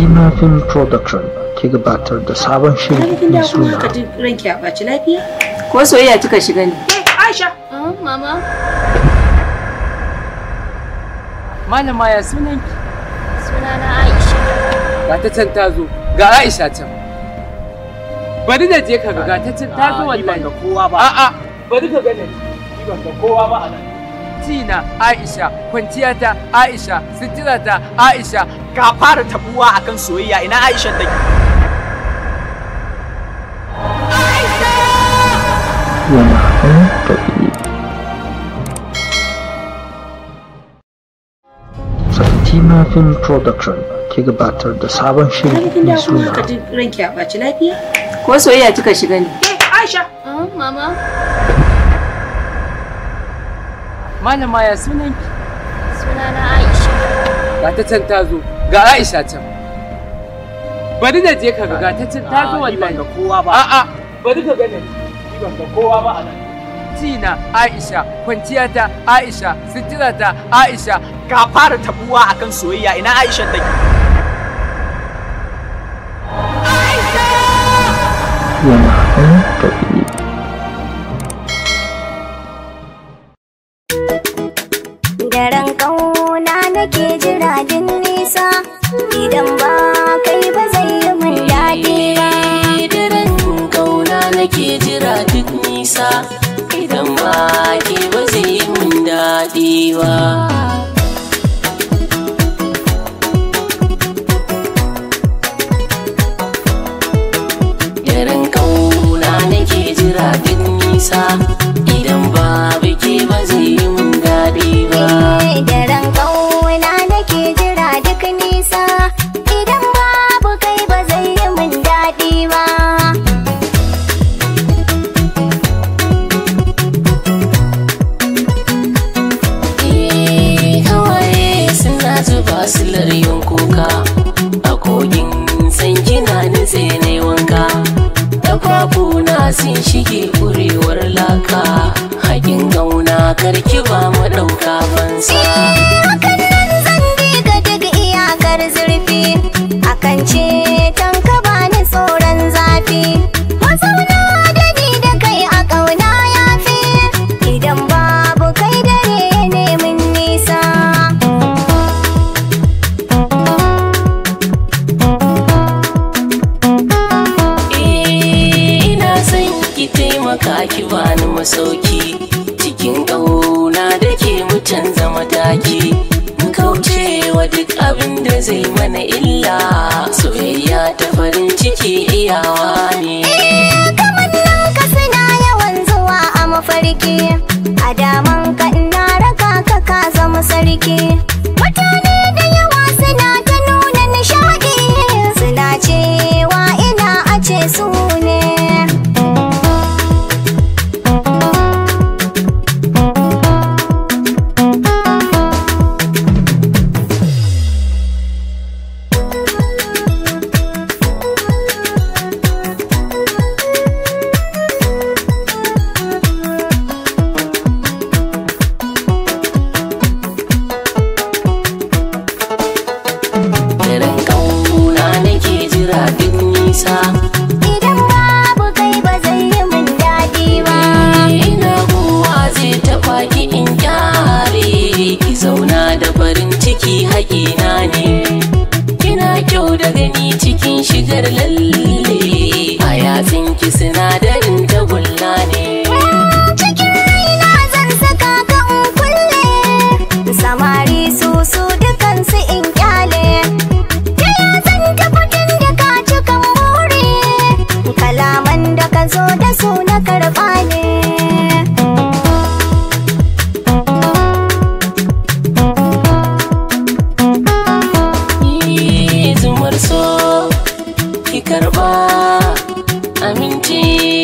Fatima Film Production ke gabatar da sabon shirin ne suna. Ka ji ranki a ɓaci lafiya? Ko soyayya kika shiga ne? Ke eh, Aisha. Ah, mama. Malama ya sunan ki? Sunana Aisha. Ga ta can ta zo, ga Aisha can. Bari na je ka ga ta can ta zo ah, wallahi. Ba kowa ba. A'a, bari ka ga ne. Ba kowa ba a nan. Tina Aisha, kwanciyata Aisha, sitirata Aisha, ka fara tabuwa akan soyayya ina Aisha take Aisha Film Production ke gabatar da sabon shiri mai suna. Ka ji ranki a ɓaci lafiya? Ko soyayya kika shiga ne? Eh, Aisha. Ah, mama. sunan ki? Suna Sunana Aisha. Ba ta can ta zo. ga Aisha can bari na je ka ga ta can ta ga ah, wannan ga kowa ba a'a bari ka gane ban ga kowa ba a nan tina Aisha kwanciya ta Aisha sitira ta Aisha ka fara tabuwa akan soyayya ina Aisha take Aisha Daren kauna nake jira din idan ba kai ba zai yi mun daɗi ba daren kauna nake jira duk nisa idan ba ke ba zai yi mun daɗi ba daren kauna nake jira duk nisa silar kuka a kogin san kina nutse ne wanka tafafuna sun shige kure masauki cikin ƙauna da ke mutan zama taki kaucewa duk abin da zai mana illa soyayya ta farin ciki iyawa ne eh kamar nan ka suna yawan zuwa a mafarki a darajar lalle a yatsun ki sinadari karba aminci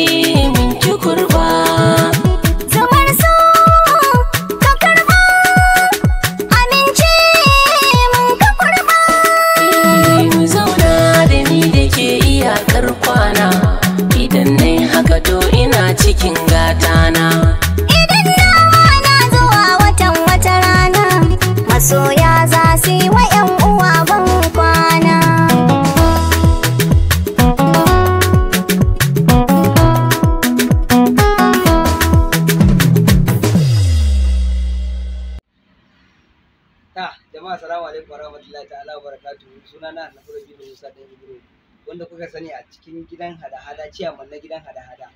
Assalamu alaikum warahmatullahi ta'ala wa barakatuhu. Sunana Annabi da Musa da Ibro. Wanda kuka sani a cikin gidan hada-hada ciyaman na gidan hada-hada.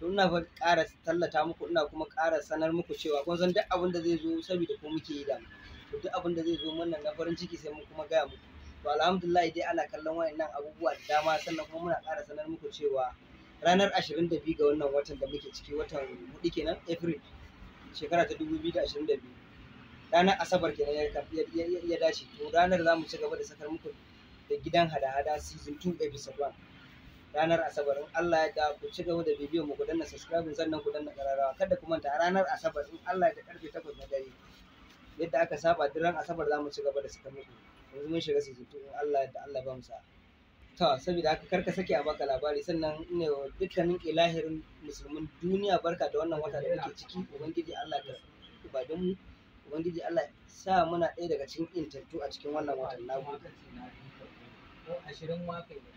To ina fa ƙara tallata muku ina kuma ƙara sanar muku cewa kun san duk abin da zai zo saboda ko muke yi da mu. To duk abin da zai zo mana na farin ciki sai mun kuma gaya muku. To alhamdulillah dai ana kallon wayannan abubuwa da dama sannan kuma muna ƙara sanar muku cewa ranar 22 ga wannan watan da muke ciki watan hudu kenan April shekara ta 2022 ranar asabar kenan ya dace to ranar za mu ci gaba da sakar muku da gidan hada-hada season 2 episode 1 ranar asabar in Allah ya ga ku ci gaba da bidiyo mu ku danna subscribe sannan ku danna kararrawa kada ku manta ranar asabar in Allah ya da karfe 8 na dare yadda aka saba duk ran asabar za mu ci gaba da sakar muku yanzu mun shiga season 2 in Allah ya da Allah ba mu sa To, saboda haka karka sake a baka labari sannan ne dukkanin ilahirin musulmin duniya barka da wannan wata da muke ciki, Ubangiji Allah ka ba mu ubangiji Allah sa muna ɗaya daga cikin intattu a cikin wannan watan nagode ne.